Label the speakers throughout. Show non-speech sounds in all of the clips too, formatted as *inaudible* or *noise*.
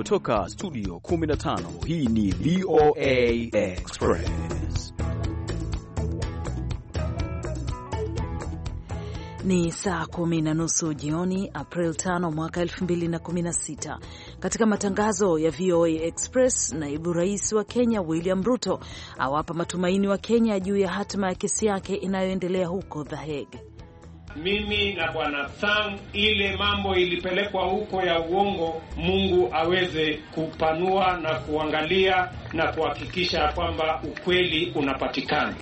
Speaker 1: kutoka studio 15
Speaker 2: hii ni VOA Express
Speaker 3: ni saa kumi na nusu jioni April 5 mwaka 2016 katika matangazo ya VOA Express naibu rais wa Kenya William Ruto awapa matumaini wa Kenya juu ya hatima ya kesi yake inayoendelea huko The Hague
Speaker 4: mimi na Bwana Sam, ile mambo ilipelekwa huko ya uongo, Mungu aweze kupanua na kuangalia na kuhakikisha kwamba ukweli unapatikana.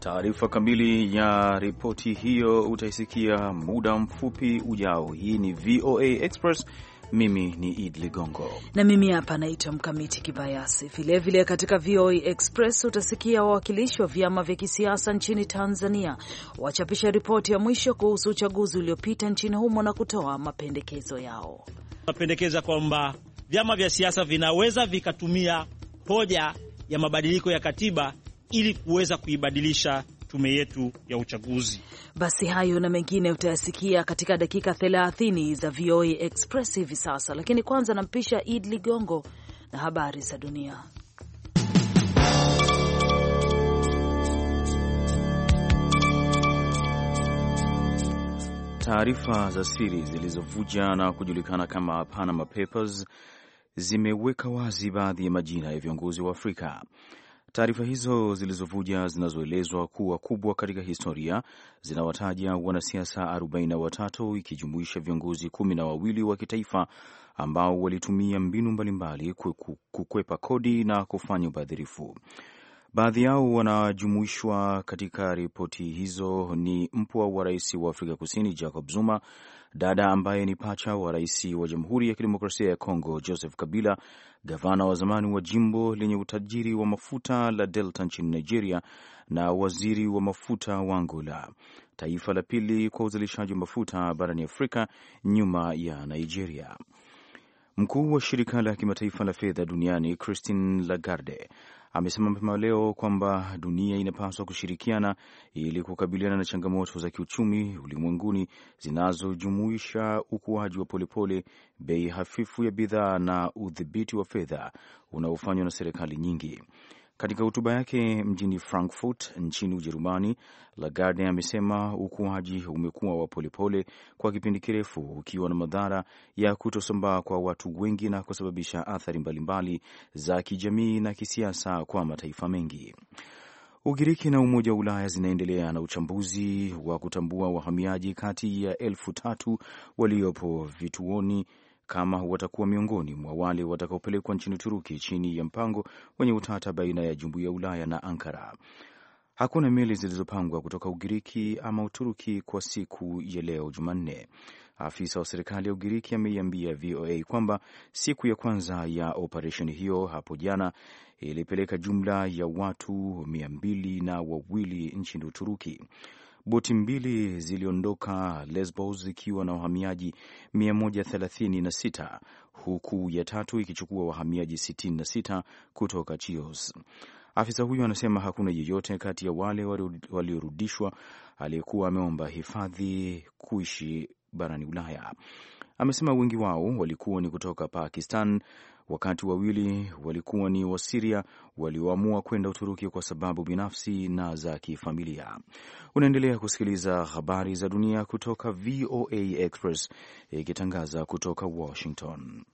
Speaker 1: Taarifa kamili ya ripoti hiyo utaisikia muda mfupi ujao. Hii ni VOA Express mimi ni Id Ligongo
Speaker 3: na mimi hapa naitwa Mkamiti Kibayasi. Vilevile katika VOA e Express utasikia wawakilishi wa vyama vya kisiasa nchini Tanzania wachapisha ripoti ya mwisho kuhusu uchaguzi uliopita nchini humo na kutoa mapendekezo yao.
Speaker 4: Napendekeza kwamba vyama vya siasa vinaweza vikatumia hoja ya mabadiliko ya katiba ili kuweza kuibadilisha tume
Speaker 3: yetu ya uchaguzi. Basi hayo na mengine utayasikia katika dakika 30 za VOA Express hivi sasa, lakini kwanza nampisha Id Ligongo na habari za
Speaker 5: dunia.
Speaker 1: Taarifa za siri zilizovuja na kujulikana kama Panama Papers zimeweka wazi baadhi ya majina ya viongozi wa Afrika Taarifa hizo zilizovuja zinazoelezwa kuwa kubwa katika historia zinawataja wanasiasa 43 ikijumuisha viongozi kumi na wawili wa kitaifa ambao walitumia mbinu mbalimbali kukwepa kodi na kufanya ubadhirifu. Baadhi yao wanajumuishwa katika ripoti hizo ni mpwa wa rais wa Afrika Kusini Jacob Zuma, dada ambaye ni pacha wa rais wa Jamhuri ya Kidemokrasia ya Kongo Joseph Kabila, gavana wa zamani wa jimbo lenye utajiri wa mafuta la Delta nchini Nigeria na waziri wa mafuta wa Angola, taifa la pili kwa uzalishaji wa mafuta barani Afrika nyuma ya Nigeria. Mkuu wa shirika la kimataifa la fedha duniani Christine Lagarde amesema mapema leo kwamba dunia inapaswa kushirikiana ili kukabiliana na changamoto za kiuchumi ulimwenguni zinazojumuisha ukuaji wa polepole, bei hafifu ya bidhaa na udhibiti wa fedha unaofanywa na serikali nyingi. Katika hotuba yake mjini Frankfurt nchini Ujerumani, Lagarde amesema ukuaji umekuwa wa polepole kwa kipindi kirefu, ukiwa na madhara ya kutosambaa kwa watu wengi na kusababisha athari mbalimbali za kijamii na kisiasa kwa mataifa mengi. Ugiriki na Umoja wa Ulaya zinaendelea na uchambuzi wa kutambua wahamiaji kati ya elfu tatu waliopo vituoni kama watakuwa miongoni mwa wale watakaopelekwa nchini Turuki chini ya mpango wenye utata baina ya jumuiya ya Ulaya na Ankara. Hakuna meli zilizopangwa kutoka Ugiriki ama Uturuki kwa siku ya leo Jumanne. Afisa wa serikali ya Ugiriki ameiambia VOA kwamba siku ya kwanza ya operesheni hiyo hapo jana ilipeleka jumla ya watu mia mbili na wawili nchini Uturuki. Boti mbili ziliondoka Lesbos zikiwa na wahamiaji 136 huku ya tatu ikichukua wahamiaji 66 kutoka Chios. Afisa huyo anasema hakuna yeyote kati ya wale waliorudishwa aliyekuwa ameomba hifadhi kuishi barani Ulaya. Amesema wengi wao walikuwa ni kutoka Pakistan, wakati wawili walikuwa ni Wasiria walioamua kwenda Uturuki kwa sababu binafsi na za kifamilia. Unaendelea kusikiliza habari za dunia kutoka VOA Express ikitangaza kutoka Washington.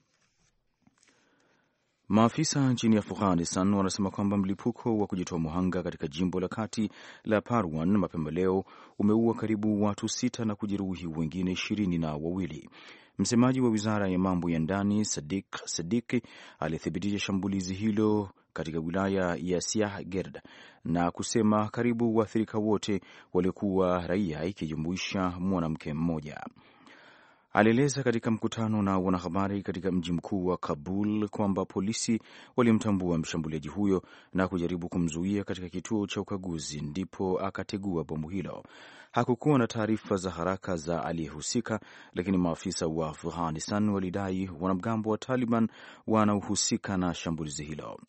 Speaker 1: Maafisa nchini Afghanistan wanasema kwamba mlipuko wa kujitoa muhanga katika jimbo la kati la Parwan mapema leo umeua karibu watu sita na kujeruhi wengine ishirini na wawili. Msemaji wa wizara ya mambo ya ndani Sadik Sadiki alithibitisha shambulizi hilo katika wilaya ya Siah Gerd na kusema karibu waathirika wote waliokuwa raia ikijumuisha mwanamke mmoja alieleza katika mkutano na wanahabari katika mji mkuu wa Kabul kwamba polisi walimtambua mshambuliaji huyo na kujaribu kumzuia katika kituo cha ukaguzi, ndipo akategua bomu hilo. Hakukuwa na taarifa za haraka za aliyehusika, lakini maafisa wa Afghanistan walidai wanamgambo wa Taliban wanaohusika na shambulizi hilo.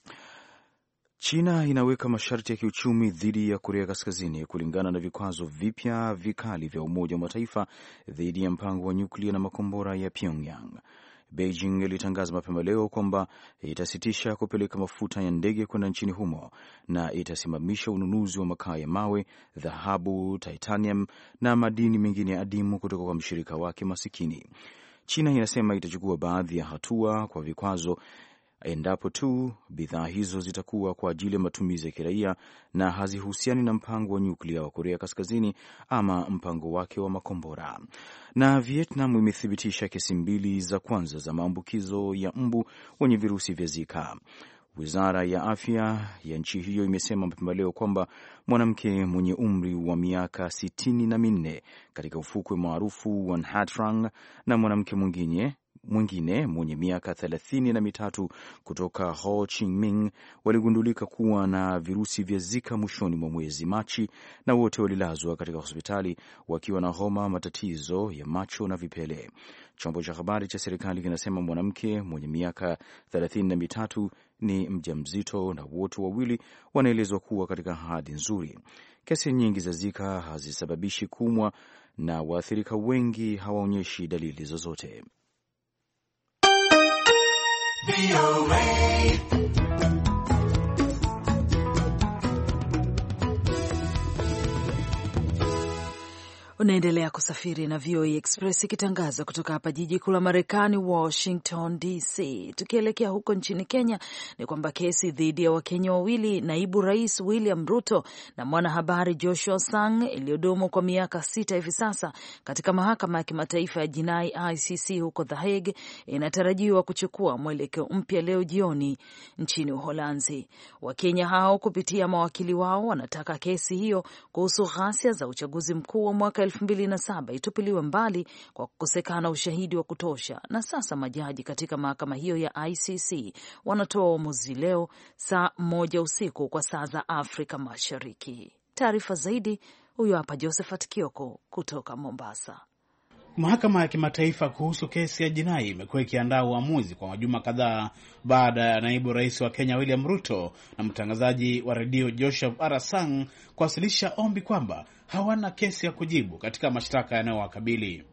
Speaker 1: China inaweka masharti ya kiuchumi dhidi ya Korea Kaskazini kulingana na vikwazo vipya vikali vya Umoja wa Mataifa dhidi ya mpango wa nyuklia na makombora ya Pyongyang. Beijing ilitangaza mapema leo kwamba itasitisha kupeleka mafuta ya ndege kwenda nchini humo na itasimamisha ununuzi wa makaa ya mawe, dhahabu, titanium na madini mengine ya adimu kutoka kwa mshirika wake masikini. China inasema itachukua baadhi ya hatua kwa vikwazo endapo tu bidhaa hizo zitakuwa kwa ajili ya matumizi ya kiraia na hazihusiani na mpango wa nyuklia wa Korea Kaskazini ama mpango wake wa makombora. Na Vietnam imethibitisha kesi mbili za kwanza za maambukizo ya mbu wenye virusi vya Zika. Wizara ya afya ya nchi hiyo imesema mapema leo kwamba mwanamke mwenye umri wa miaka sitini na minne katika ufukwe maarufu wa Nha Trang na mwanamke mwingine mwingine mwenye miaka thelathini na mitatu kutoka Ho Chi Minh waligundulika kuwa na virusi vya Zika mwishoni mwa mwezi Machi, na wote walilazwa katika hospitali wakiwa na homa, matatizo ya macho na vipele. Chombo cha habari cha serikali kinasema mwanamke mwenye miaka thelathini na mitatu ni mjamzito na wote wawili wanaelezwa kuwa katika hali nzuri. Kesi nyingi za Zika hazisababishi kumwa na waathirika wengi hawaonyeshi dalili zozote.
Speaker 5: VOA.
Speaker 3: Unaendelea kusafiri na VOA e Express ikitangaza kutoka hapa jiji kuu la Marekani, Washington DC. Tukielekea huko nchini Kenya, ni kwamba kesi dhidi ya Wakenya wawili, naibu rais William Ruto na mwanahabari Joshua Sang, iliyodumu kwa miaka sita hivi sasa katika mahakama ya kimataifa ya jinai ICC huko The Hague, inatarajiwa kuchukua mwelekeo mpya leo jioni nchini Uholanzi. Wakenya hao kupitia mawakili wao wanataka kesi hiyo kuhusu ghasia za uchaguzi mkuu wa mwaka elfu mbili na saba itupiliwe mbali kwa kukosekana ushahidi wa kutosha, na sasa majaji katika mahakama hiyo ya ICC wanatoa uamuzi leo saa moja usiku kwa saa za Afrika Mashariki. Taarifa zaidi huyo hapa Josephat Kioko kutoka Mombasa.
Speaker 6: Mahakama ya Kimataifa kuhusu kesi ya jinai imekuwa ikiandaa uamuzi kwa majuma kadhaa baada ya naibu rais wa Kenya William Ruto na mtangazaji wa redio Joseph Arasang kuwasilisha ombi kwamba hawana kesi ya kujibu katika mashtaka yanayowakabili.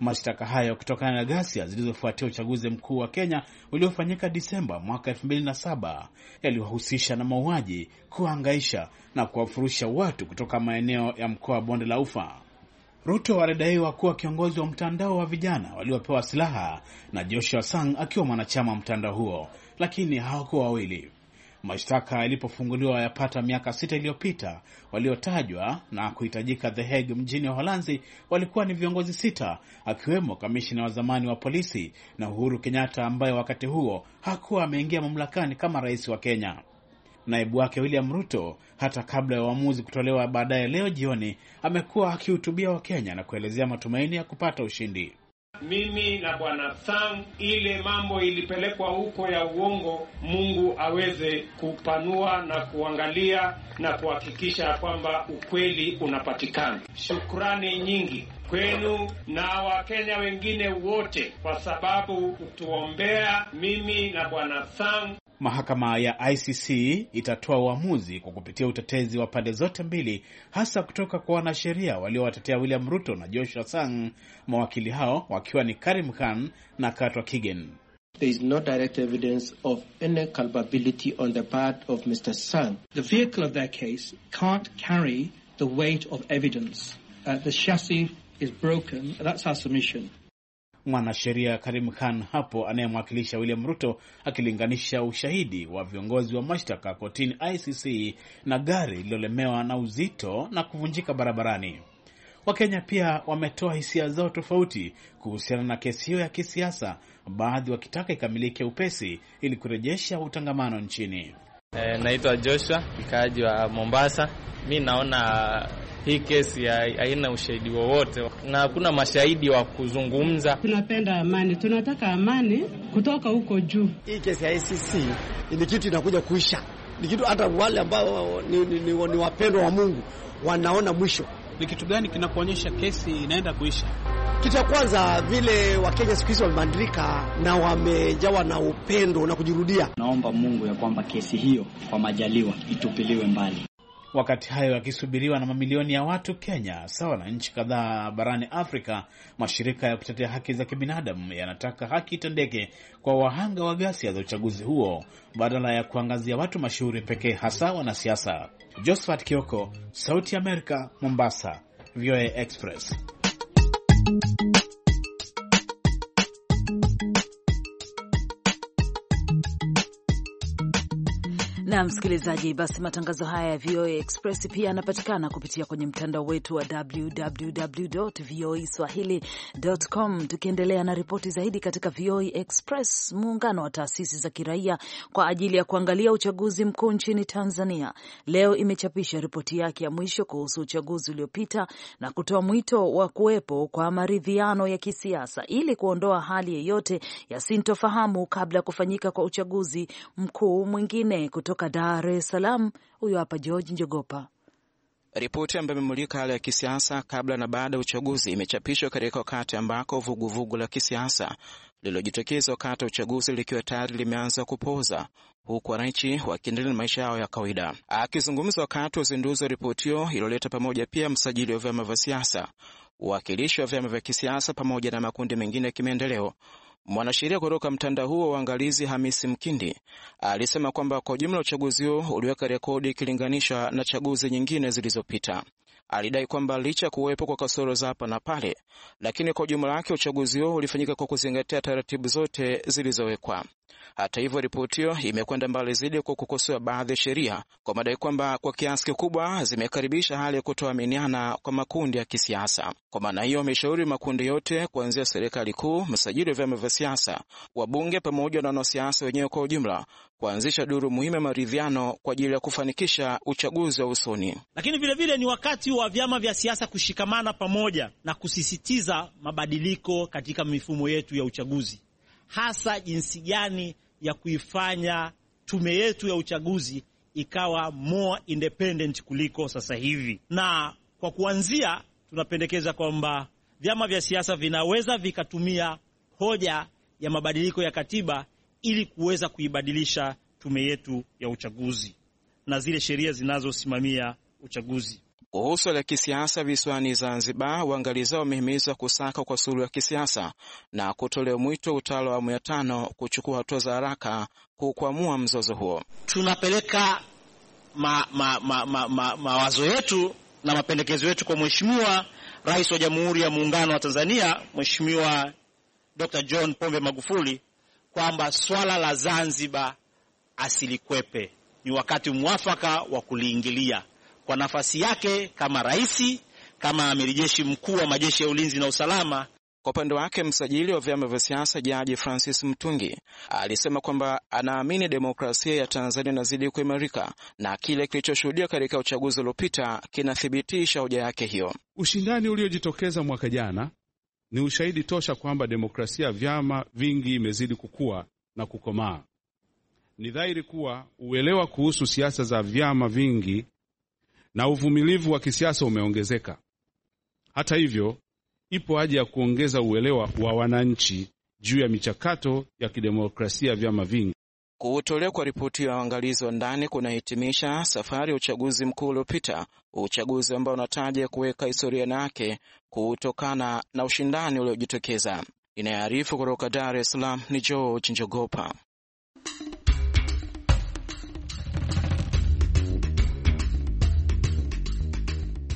Speaker 6: Mashtaka hayo kutokana na ghasia zilizofuatia uchaguzi mkuu wa Kenya uliofanyika Disemba mwaka 2007 yaliyohusisha na mauaji, kuangaisha na kuwafurusha watu kutoka maeneo ya mkoa wa Bonde la Ufa. Ruto alidaiwa kuwa kiongozi wa mtandao wa vijana waliopewa silaha na Joshua Sang akiwa mwanachama wa mtandao huo, lakini hawakuwa wawili. Mashtaka yalipofunguliwa yapata miaka sita iliyopita, waliotajwa na kuhitajika The Hague mjini Uholanzi walikuwa ni viongozi sita, akiwemo kamishina wa zamani wa polisi na Uhuru Kenyatta ambaye wakati huo hakuwa ameingia mamlakani kama rais wa Kenya naibu wake William Ruto, hata kabla ya uamuzi kutolewa baadaye leo jioni, amekuwa akihutubia Wakenya na kuelezea matumaini ya kupata ushindi.
Speaker 4: Mimi na bwana Sang, ile mambo ilipelekwa huko ya uongo, Mungu aweze kupanua na kuangalia na kuhakikisha kwamba ukweli unapatikana. Shukrani nyingi kwenu na Wakenya wengine wote kwa sababu kutuombea mimi na bwana Sang
Speaker 6: Mahakama ya ICC itatoa uamuzi kwa kupitia utetezi wa pande zote mbili, hasa kutoka kwa wanasheria waliowatetea William Ruto na Joshua Sang, mawakili hao wakiwa ni Karim Khan na Katwa Kigen.
Speaker 7: There is no direct evidence of any culpability on the part of Mr. Sang. The vehicle of their case can't carry the weight of
Speaker 6: evidence. Uh, the chassis is broken. That's our submission mwanasheria Karim Khan hapo anayemwakilisha William Ruto akilinganisha ushahidi wa viongozi wa mashtaka kotini ICC na gari lililolemewa na uzito na kuvunjika barabarani. Wakenya pia wametoa hisia zao tofauti kuhusiana na kesi hiyo ya kisiasa, baadhi wakitaka ikamilike upesi ili kurejesha utangamano nchini.
Speaker 4: E, naitwa Joshua, mkaaji wa
Speaker 6: Mombasa. Mi naona hii
Speaker 4: kesi haina ushahidi wowote na hakuna mashahidi wa kuzungumza.
Speaker 6: Tunapenda amani, tunataka amani kutoka huko juu. Hii kesi ya ACC ni kitu inakuja
Speaker 4: kuisha, ni kitu hata wale ambao ni, ni, ni, ni wapendwa wa Mungu wanaona mwisho.
Speaker 6: Ni kitu gani kinakuonyesha kesi inaenda kuisha?
Speaker 4: Kitu cha kwanza, vile Wakenya siku hizi
Speaker 6: wamebadilika na wamejawa
Speaker 4: na upendo na kujirudia. Naomba Mungu ya kwamba kesi
Speaker 6: hiyo kwa majaliwa itupiliwe mbali. Wakati hayo yakisubiriwa na mamilioni ya watu Kenya, sawa na nchi kadhaa barani Afrika, mashirika ya kutetea haki za kibinadamu yanataka haki itendeke kwa wahanga wa ghasia za uchaguzi huo badala ya kuangazia watu mashuhuri pekee, hasa wanasiasa. Josephat Kioko, Sauti ya Amerika, Mombasa, VOA Express.
Speaker 3: na msikilizaji, basi matangazo haya ya VOA Express pia yanapatikana kupitia kwenye mtandao wetu wa www voa swahili.com. Tukiendelea na ripoti zaidi katika VOA Express, muungano wa taasisi za kiraia kwa ajili ya kuangalia uchaguzi mkuu nchini Tanzania leo imechapisha ripoti yake ya mwisho kuhusu uchaguzi uliopita na kutoa mwito wa kuwepo kwa maridhiano ya kisiasa ili kuondoa hali yeyote ya sintofahamu kabla ya kufanyika kwa uchaguzi mkuu mwingine kutoka kutoka Dar es Salaam. Huyo hapa George Njogopa.
Speaker 7: Ripoti ambayo imemulika hali ya kisiasa kabla na baada ya uchaguzi imechapishwa katika wakati ambako vuguvugu la kisiasa lililojitokeza wakati wa uchaguzi likiwa tayari limeanza kupoza huku wananchi wakiendelea na maisha yao ya kawaida. Akizungumza wakati wa uzinduzi wa ripoti hiyo iliyoleta pamoja pia msajili wa vyama vya siasa, uwakilishi wa vyama vya kisiasa pamoja na makundi mengine ya kimaendeleo, Mwanasheria kutoka mtandao huo uangalizi Hamisi Mkindi alisema kwamba kwa ujumla uchaguzi huo uliweka rekodi ikilinganisha na chaguzi nyingine zilizopita. Alidai kwamba licha ya kuwepo kwa kasoro za hapa na pale, lakini kwa ujumla wake uchaguzi huo ulifanyika kwa kuzingatia taratibu zote zilizowekwa. Hata hivyo, ripoti hiyo imekwenda mbali zaidi kwa kukosoa baadhi ya sheria kwa madai kwamba kwa kiasi kikubwa zimekaribisha hali ya kutoaminiana kwa makundi ya kisiasa. Kwa maana hiyo, ameshauri makundi yote kuanzia serikali kuu, msajili wa vyama vya siasa, wabunge pamoja na wanasiasa wenyewe kwa ujumla kuanzisha duru muhimu ya maridhiano kwa ajili ya kufanikisha uchaguzi wa usoni.
Speaker 4: Lakini vilevile ni wakati wa vyama vya siasa kushikamana pamoja na kusisitiza mabadiliko katika mifumo yetu ya uchaguzi hasa jinsi gani ya kuifanya tume yetu ya uchaguzi ikawa more independent kuliko sasa hivi. Na kwa kuanzia, tunapendekeza kwamba vyama vya siasa vinaweza vikatumia hoja ya mabadiliko ya katiba ili kuweza kuibadilisha tume yetu ya uchaguzi na zile sheria zinazosimamia uchaguzi.
Speaker 7: Kuhusu la kisiasa visiwani Zanzibar, waangalizi hao wamehimizwa kusaka kwa suluhu ya kisiasa na kutolea mwito utawala wa awamu ya tano kuchukua hatua za haraka kukwamua mzozo huo. Tunapeleka mawazo ma, ma, ma, ma, ma yetu na mapendekezo yetu kwa
Speaker 4: Mheshimiwa Rais wa Jamhuri ya Muungano wa Tanzania, Mheshimiwa Dr. John Pombe Magufuli kwamba swala la Zanzibar asilikwepe, ni wakati mwafaka wa kuliingilia kwa nafasi yake kama rais,
Speaker 7: kama amiri jeshi mkuu wa majeshi ya ulinzi na usalama. Kwa upande wake msajili wa vyama vya siasa Jaji Francis Mtungi alisema kwamba anaamini demokrasia ya Tanzania inazidi kuimarika na kile kilichoshuhudia katika uchaguzi uliopita kinathibitisha hoja yake hiyo.
Speaker 6: Ushindani uliojitokeza mwaka jana ni ushahidi tosha kwamba demokrasia ya vyama vingi imezidi kukua na kukomaa. Ni dhahiri kuwa uelewa kuhusu siasa za vyama vingi na uvumilivu wa kisiasa umeongezeka. Hata hivyo, ipo haja ya kuongeza uelewa wa wananchi juu ya michakato ya kidemokrasia ya vyama vingi.
Speaker 7: Kutolewa kwa ripoti ya uangalizi wa ndani kunahitimisha safari ya uchaguzi mkuu uliopita, uchaguzi ambao unataja kuweka historia yake kutokana na ushindani uliojitokeza. Inayoarifu kutoka Dar es Salaam ni George Njogopa.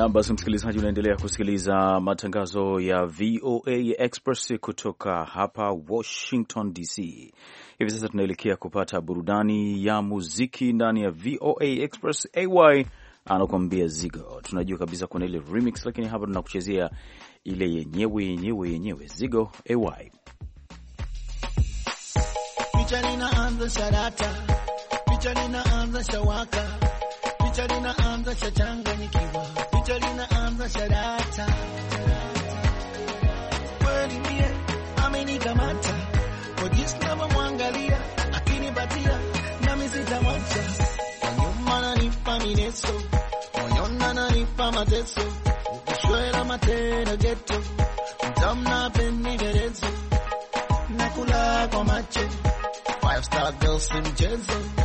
Speaker 1: na basi, msikilizaji, unaendelea kusikiliza matangazo ya VOA Express kutoka hapa Washington DC. Hivi sasa tunaelekea kupata burudani ya muziki ndani ya VOA Express. AY anakuambia Zigo, tunajua kabisa kuna ile remix, lakini hapa tunakuchezea ile yenyewe yenyewe yenyewe. Zigo AY
Speaker 5: picha linaanza sharata, picha linaanza shawaka, picha linaanza shachanganyikiwa kwanza cha data kweli, mie amenikamata kwa jinsi navyomwangalia, akinipatia nami sitamwacha. Kwa nyuma ananipa mineso, moyoni ananipa mateso, ukishwela matera geto mtamna pendekerezo, nakula kwa macho, five star girls si mchezo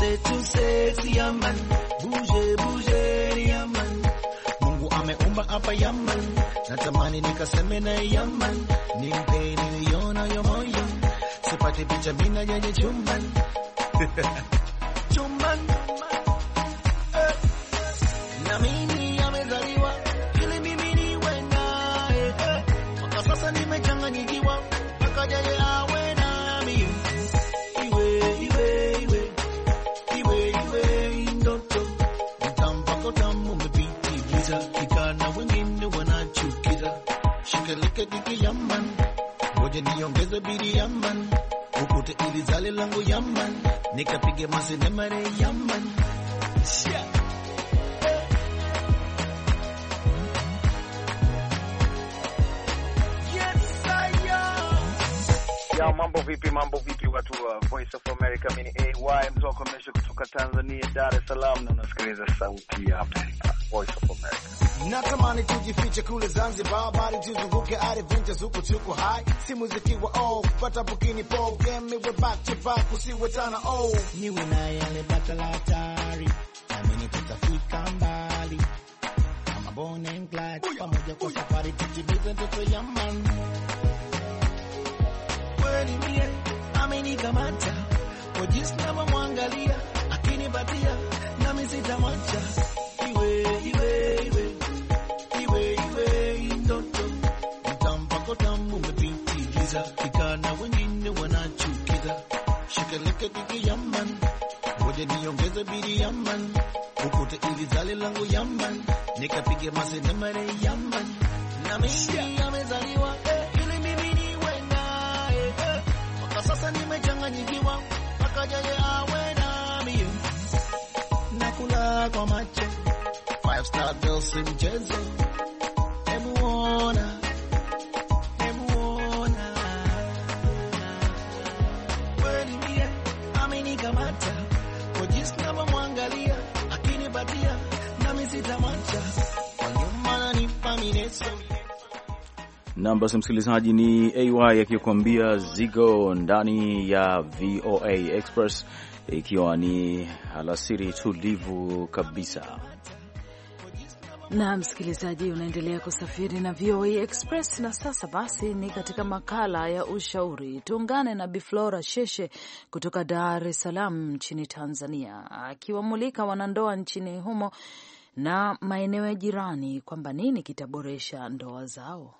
Speaker 5: say to say Yaman, buje buje Yaman, Mungu ameumba hapa Yaman, natamani nikaseme na Yaman, nimpe niliona yo moyo, sipati picha mina yenye chumban chumban, *laughs* eh, na mimi kukita ikana wengine wanachukira shikalika diki yaman ngoja niongeze bidi yaman ukute ili zale langu yaman nikapige masinemare yaman yeah. Dao, mambo vipi? Mambo vipi watu wa Voice of America, mimi AY mtoko mesho kutoka Tanzania, Dar es Salaam, na unasikiliza sauti ya America, Voice of America. Natamani tujifiche kule Zanzibar, bali tuzunguke arivunje zuko tuko high, si muziki wa old pata bukini pop game, we back to back, usiwe tana old niwe naye alipata latari amini tutafika mbali, I'm and glad pamoja kwa safari tutimize ndoto ya man kunikamata kwa jinsi navyomwangalia akinipatia nami sitamwacha iwe iwe iwe iwe iwe ndoto mtampakotambu umepitigiza kikana wengine wanachukiza shikalika kiki yaman ngoja niongeze biri yaman ukute ili zale langu yaman nikapige masenamare yaman nami kwa macho, five star kweli mie amenikamata kwa jinsi navyomwangalia, nami kwa nyuma mineso
Speaker 1: nam basi, msikilizaji, ni AY akikuambia zigo ndani ya VOA Express ikiwa ni alasiri tulivu kabisa.
Speaker 3: Na msikilizaji, unaendelea kusafiri na VOA Express na sasa basi ni katika makala ya ushauri. Tuungane na Biflora Sheshe kutoka Dar es Salaam nchini Tanzania, akiwamulika wanandoa nchini humo na maeneo ya jirani kwamba nini kitaboresha ndoa zao.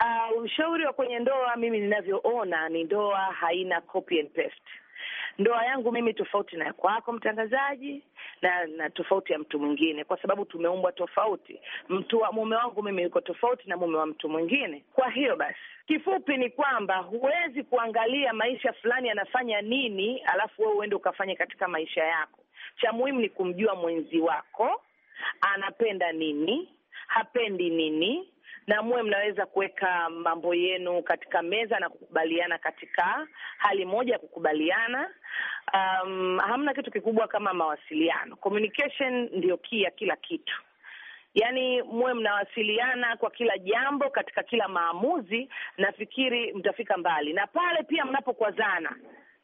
Speaker 8: Uh, ushauri wa kwenye ndoa, mimi ninavyoona ni ndoa haina copy and paste. Ndoa yangu mimi tofauti na kwako mtangazaji, na na tofauti ya mtu mwingine, kwa sababu tumeumbwa tofauti. Mtu wa mume wangu mimi yuko tofauti na mume wa mtu mwingine. Kwa hiyo basi, kifupi ni kwamba huwezi kuangalia maisha fulani anafanya nini, alafu wewe uende ukafanye katika maisha yako. Cha muhimu ni kumjua mwenzi wako anapenda nini, hapendi nini na muwe mnaweza kuweka mambo yenu katika meza na kukubaliana katika hali moja ya kukubaliana. Um, hamna kitu kikubwa kama mawasiliano. Communication ndiyo kii ya kila kitu. Yaani muwe mnawasiliana kwa kila jambo, katika kila maamuzi, nafikiri mtafika mbali, na pale pia mnapokwazana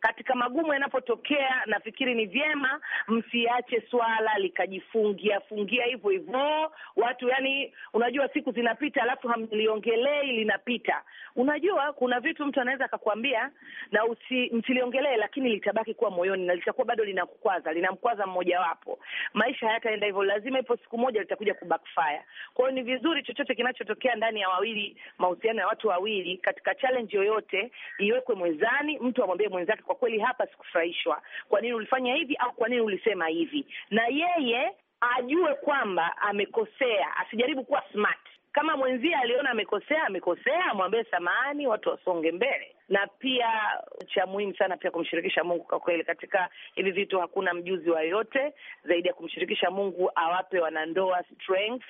Speaker 8: katika magumu yanapotokea, nafikiri ni vyema msiache swala likajifungia fungia hivyo hivyo. Watu yani, unajua siku zinapita, alafu hamliongelei linapita. Unajua kuna vitu mtu anaweza akakwambia na usi, msiliongelee, lakini litabaki kuwa moyoni na litakuwa bado linakukwaza, linamkwaza mmojawapo. Maisha hayataenda hivyo, lazima ipo siku moja litakuja kubackfire. Kwa hiyo ni vizuri chochote kinachotokea ndani ya wawili, mahusiano ya watu wawili, katika challenge yoyote iwekwe mwezani, mtu amwambie mwenzake kwa kwa kweli hapa sikufurahishwa, kwa nini ulifanya hivi au kwa nini ulisema hivi, na yeye ajue kwamba amekosea, asijaribu kuwa smart kama mwenzie aliona amekosea, amekosea, amwambie samahani, watu wasonge mbele. Na pia cha muhimu sana pia kumshirikisha Mungu. Kwa kweli, katika hivi vitu hakuna mjuzi wa yote zaidi ya kumshirikisha Mungu. Awape wanandoa strength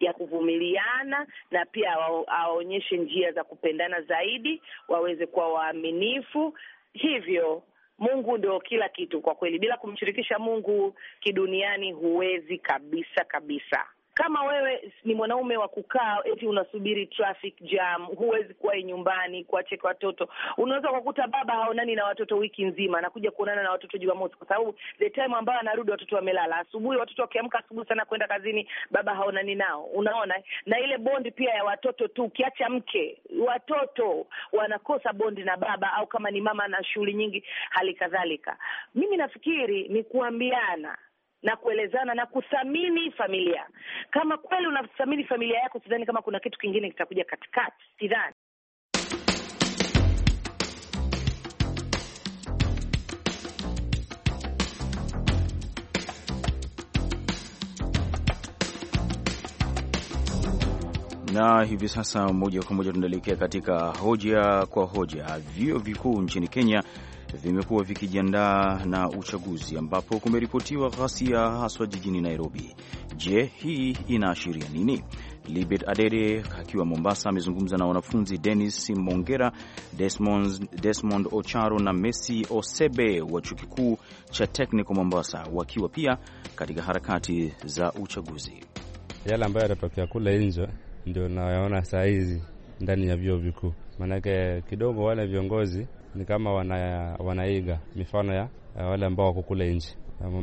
Speaker 8: ya kuvumiliana, na pia awaonyeshe njia za kupendana zaidi, waweze kuwa waaminifu Hivyo Mungu ndio kila kitu kwa kweli, bila kumshirikisha Mungu kiduniani huwezi kabisa kabisa. Kama wewe ni mwanaume wa kukaa eti unasubiri traffic jam, huwezi kuwahi nyumbani kuwacheka watoto. Unaweza ukakuta baba haonani na watoto wiki nzima, anakuja kuonana na watoto Jumamosi kwa sababu the time ambayo anarudi watoto wamelala. Asubuhi watoto wakiamka asubuhi sana kwenda kazini, baba haonani nao. Unaona, na ile bondi pia ya watoto tu, ukiacha mke, watoto wanakosa bondi na baba, au kama ni mama na shughuli nyingi, hali kadhalika. Mimi nafikiri ni kuambiana na kuelezana na kuthamini familia. Kama kweli unathamini familia yako, sidhani kama kuna kitu kingine kitakuja katikati, sidhani.
Speaker 1: na hivi sasa moja kwa moja tunaelekea katika hoja kwa hoja. Vyuo vikuu nchini Kenya vimekuwa vikijiandaa na uchaguzi ambapo kumeripotiwa ghasia haswa jijini Nairobi. Je, hii inaashiria nini? Libet Adede akiwa Mombasa amezungumza na wanafunzi Denis Mongera, Desmond, Desmond Ocharo na Messi Osebe wa chuo kikuu cha Technical Mombasa, wakiwa pia katika harakati za uchaguzi.
Speaker 6: Yale ambayo yatatokea kule nje ndio nayaona saa hizi ndani ya vyuo vikuu, maanake kidogo wale viongozi ni kama wana, wanaiga mifano ya wale ambao wako kule nje,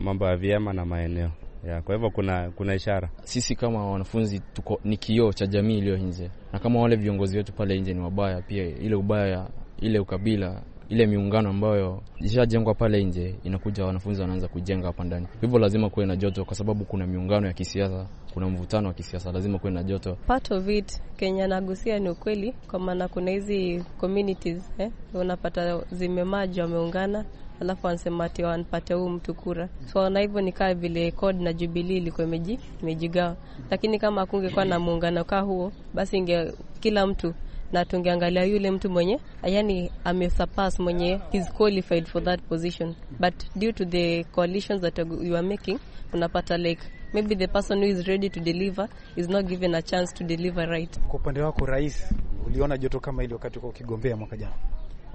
Speaker 6: mambo ya vyema na maeneo ya, kwa hivyo kuna, kuna ishara. Sisi kama wanafunzi tuko ni kioo cha jamii iliyo nje, na kama wale viongozi wetu pale nje
Speaker 7: ni wabaya pia, ile ubaya, ile ukabila, ile miungano ambayo ishajengwa pale nje inakuja, wanafunzi wanaanza kujenga hapa ndani. Hivyo lazima kuwe na joto, kwa sababu kuna miungano ya kisiasa kuna mvutano wa kisiasa, lazima kuwe na joto.
Speaker 9: Part of it Kenya anagusia ni ukweli, kwa maana kuna hizi communities eh, unapata zimemaji wameungana alafu wanasema ati wanapatia huu mtu kura so, na hivyo ni nikaa vile CORD na Jubilee ilikuwa imeji imejigawa, lakini kama kungekuwa na muungano kaa huo, basi inge kila mtu na tungeangalia yule mtu mwenye yani amesurpass mwenye is qualified for that position, but due to the coalitions that you are making unapata like maybe the person who is ready to deliver is not given a chance to deliver right. Kwa upande wako, rais, uliona joto kama hili wakati kwa ukigombea mwaka jana?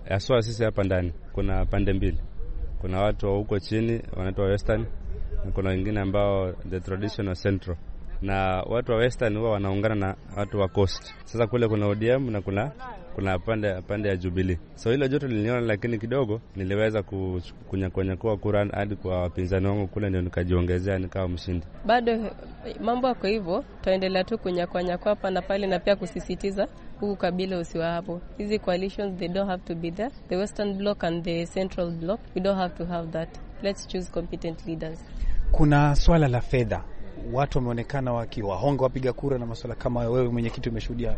Speaker 6: Eh, Aswa, sisi hapa ndani kuna pande mbili, kuna watu wa huko chini wanaitwa western na kuna wengine ambao the traditional central na watu wa western huwa wanaungana na watu wa coast. Sasa kule kuna ODM na kuna kuna pande pande ya Jubilee. So hilo joto niliona, lakini kidogo niliweza kunyakuanyakua kura hadi kwa wapinzani wangu kule, ndio nikajiongezea nikawa mshindi.
Speaker 9: Bado mambo yako hivyo, tutaendelea tu kunyakuanyakua hapa na pale, na pia kusisitiza huku kabila usiwa hapo. Hizi coalitions they don't have to be there, the western bloc and the central bloc, we don't have to have that. Let's choose competent leaders.
Speaker 6: Kuna swala la fedha, watu
Speaker 1: wameonekana wakiwahonga wapiga kura na masuala kama wewe mwenyekiti umeshuhudia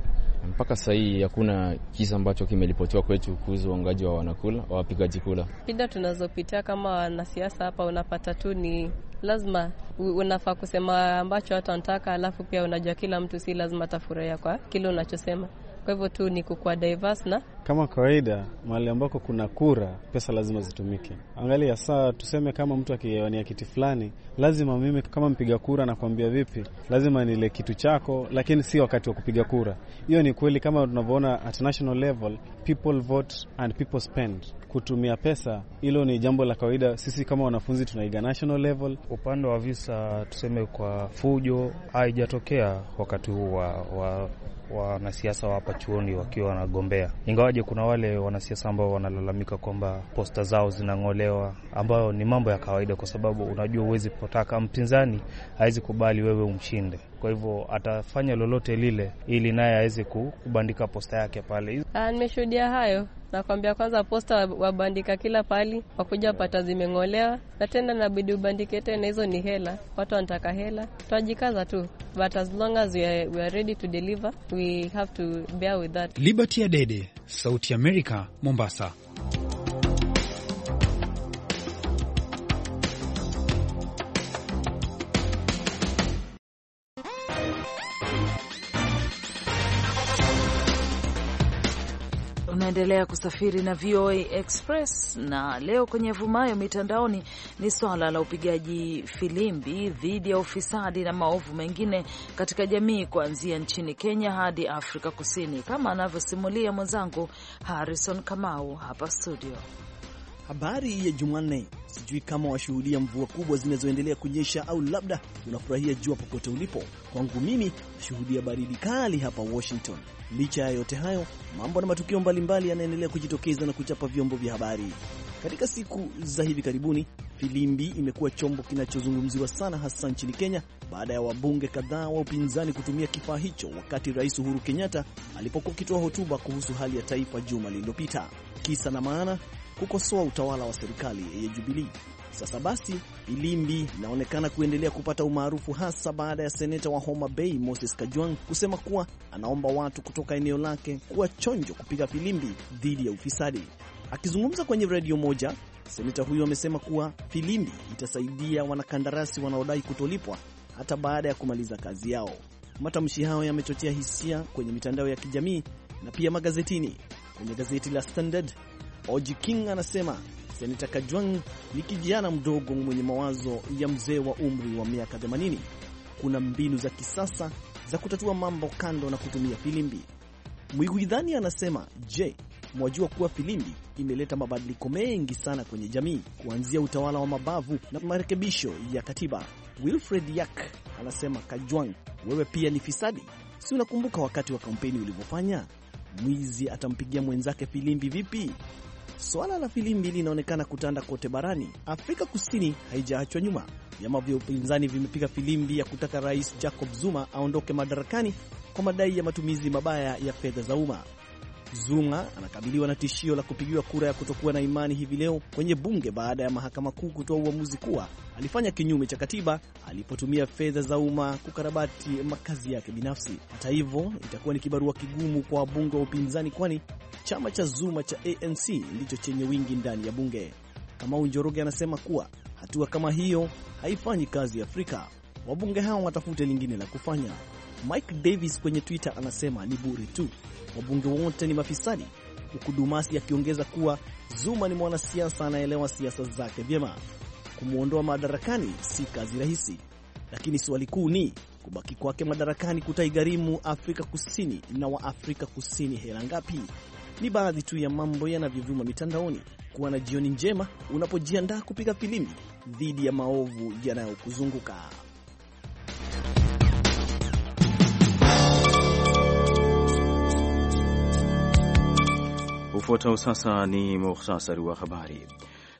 Speaker 1: mpaka sasa hii hakuna
Speaker 7: kisa ambacho kimeripotiwa kwetu kuhusu uangaji wa wanakula wa wapigaji kula.
Speaker 9: Shida tunazopitia kama wanasiasa hapa, unapata tu ni lazima unafaa kusema ambacho watu wanataka, alafu pia unajua kila mtu si lazima atafurahia kwa kile unachosema. Kwa hivyo tu ni kukuwa diverse na
Speaker 6: kama kawaida, mahali ambako kuna kura, pesa lazima zitumike. Angalia saa, tuseme kama mtu akiwania kiti fulani, lazima mimi kama mpiga kura nakwambia vipi, lazima nile kitu chako, lakini si wakati wa kupiga kura. Hiyo ni kweli, kama tunavyoona at national level, people vote and people spend. Kutumia pesa, hilo ni jambo la kawaida. Sisi kama wanafunzi tunaiga national level. Upande wa visa, tuseme kwa fujo,
Speaker 4: haijatokea wakati huu wa, wa wanasiasa wa hapa chuoni wakiwa wanagombea, ingawaje kuna wale wanasiasa ambao wanalalamika kwamba posta zao zinang'olewa, ambayo ni mambo ya kawaida, kwa sababu unajua huwezi potaka mpinzani hawezi kubali wewe umshinde, kwa hivyo atafanya lolote lile ili naye aweze kubandika posta yake pale.
Speaker 9: Ah, nimeshuhudia hayo Nakwambia kwanza, posta wabandika kila pali, wakuja pata zimeng'olewa, na tena nabidi ubandike tena. Hizo ni hela, watu wanataka hela. Twajikaza tu, but as long as we are, we are ready to deliver we have to bear with that.
Speaker 6: Liberty Adede, Sauti ya America, Mombasa.
Speaker 3: Unaendelea kusafiri na VOA Express na leo kwenye vumayo mitandaoni ni swala la upigaji filimbi dhidi ya ufisadi na maovu mengine katika jamii kuanzia nchini Kenya hadi Afrika Kusini, kama anavyosimulia mwenzangu Harrison Kamau hapa studio.
Speaker 2: Habari ya Jumanne. Sijui kama washuhudia mvua kubwa zinazoendelea kunyesha au labda unafurahia jua popote ulipo. Kwangu mimi nashuhudia baridi kali hapa Washington. Licha ya yote hayo, mambo na matukio mbalimbali yanaendelea kujitokeza na kuchapa vyombo vya habari. Katika siku za hivi karibuni, filimbi imekuwa chombo kinachozungumziwa sana, hasa nchini Kenya, baada ya wabunge kadhaa wa upinzani kutumia kifaa hicho wakati Rais Uhuru Kenyatta alipokuwa akitoa hotuba kuhusu hali ya taifa juma lililopita. Kisa na maana, kukosoa utawala wa serikali ya Jubilii. Sasa basi, Ilimbi inaonekana kuendelea kupata umaarufu hasa baada ya seneta wa Homa Bay Moses Kajwang kusema kuwa anaomba watu kutoka eneo lake kuwa chonjo kupiga filimbi dhidi ya ufisadi. Akizungumza kwenye redio moja, seneta huyo amesema kuwa filimbi itasaidia wanakandarasi wanaodai kutolipwa hata baada ya kumaliza kazi yao. Matamshi hayo yamechochea hisia kwenye mitandao ya kijamii na pia magazetini. Kwenye gazeti la Standard Oji King anasema Seneta Kajwang ni kijana mdogo mwenye mawazo ya mzee wa umri wa miaka 80. Kuna mbinu za kisasa za kutatua mambo kando na kutumia filimbi. Mwiguidhani anasema je, mwajua kuwa filimbi imeleta mabadiliko mengi sana kwenye jamii kuanzia utawala wa mabavu na marekebisho ya katiba. Wilfred Yak anasema Kajwang, wewe pia ni fisadi, si unakumbuka wakati wa kampeni ulivyofanya? Mwizi atampigia mwenzake filimbi vipi? swala la filimbi linaonekana kutanda kote barani. Afrika Kusini haijaachwa nyuma. Vyama vya upinzani vimepiga filimbi ya kutaka Rais Jacob Zuma aondoke madarakani kwa madai ya matumizi mabaya ya fedha za umma. Zuma anakabiliwa na tishio la kupigiwa kura ya kutokuwa na imani hivi leo kwenye bunge baada ya mahakama kuu kutoa uamuzi kuwa alifanya kinyume cha katiba alipotumia fedha za umma kukarabati makazi yake binafsi. Hata hivyo, itakuwa ni kibarua kigumu kwa wabunge wa upinzani, kwani chama cha Zuma cha ANC ndicho chenye wingi ndani ya bunge. Kamau Njoroge anasema kuwa hatua kama hiyo haifanyi kazi Afrika, wabunge hao watafute lingine la kufanya. Mike Davis kwenye Twitter anasema ni bure tu wabunge wote ni mafisadi, huku Dumasi akiongeza kuwa Zuma ni mwanasiasa anaelewa siasa zake vyema. Kumwondoa madarakani si kazi rahisi, lakini swali kuu ni kubaki kwake madarakani kutaigharimu Afrika Kusini na Waafrika Kusini hela ngapi? Ni baadhi tu ya mambo yanavyovuma mitandaoni. Kuwa na jioni njema unapojiandaa kupiga filimbi dhidi ya maovu yanayokuzunguka.
Speaker 1: Ufuatao sasa ni muhtasari wa habari.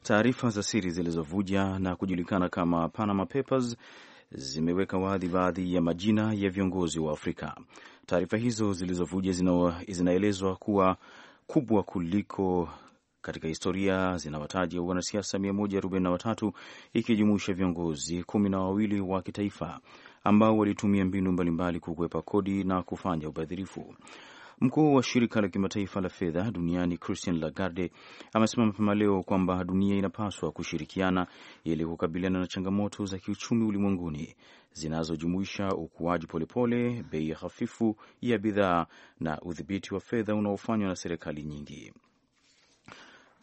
Speaker 1: Taarifa za siri zilizovuja na kujulikana kama Panama Papers zimeweka wazi baadhi ya majina ya viongozi wa Afrika. Taarifa hizo zilizovuja zinaelezwa kuwa kubwa kuliko katika historia, zinawataja wanasiasa 143 ikijumuisha viongozi kumi na wawili wa kitaifa ambao walitumia mbinu mbalimbali kukwepa kodi na kufanya ubadhirifu. Mkuu wa shirika la kimataifa la fedha duniani Christine Lagarde amesema mapema leo kwamba dunia inapaswa kushirikiana ili kukabiliana na changamoto za kiuchumi ulimwenguni zinazojumuisha ukuaji polepole, bei hafifu ya bidhaa na udhibiti wa fedha unaofanywa na serikali nyingi.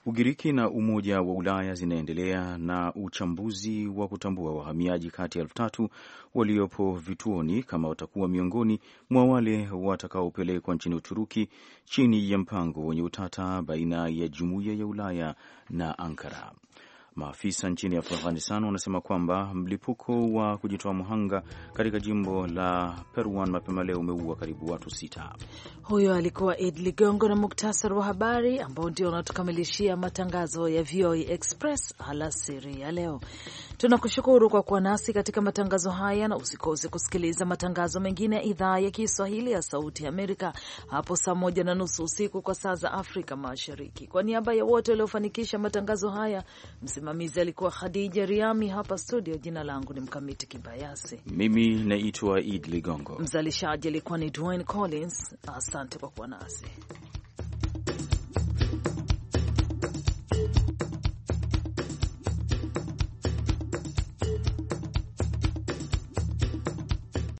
Speaker 1: Ugiriki na Umoja wa Ulaya zinaendelea na uchambuzi wa kutambua wahamiaji kati ya elfu tatu waliopo vituoni kama watakuwa miongoni mwa wale watakaopelekwa nchini Uturuki chini ya mpango wenye utata baina ya Jumuiya ya Ulaya na Ankara. Maafisa nchini Afghanistan wanasema kwamba mlipuko wa kujitoa mhanga katika jimbo la Perwan mapema leo umeua karibu watu sita.
Speaker 3: Huyo alikuwa Ed Ligongo na muktasari wa habari ambao ndio unatukamilishia matangazo ya VOA Express alasiri ya leo. Tunakushukuru kwa kuwa nasi katika matangazo haya, na usikose kusikiliza matangazo mengine ya idhaa ya Kiswahili ya Sauti Amerika hapo saa moja na nusu usiku kwa saa za Afrika Mashariki. Kwa niaba ya wote waliofanikisha matangazo haya msi Msimamizi alikuwa Khadija Riami, hapa studio jina langu ni Mkamiti Kibayasi,
Speaker 1: mimi naitwa Id Ligongo,
Speaker 3: mzalishaji alikuwa ni Dwayne Collins. Asante kwa kuwa nasi.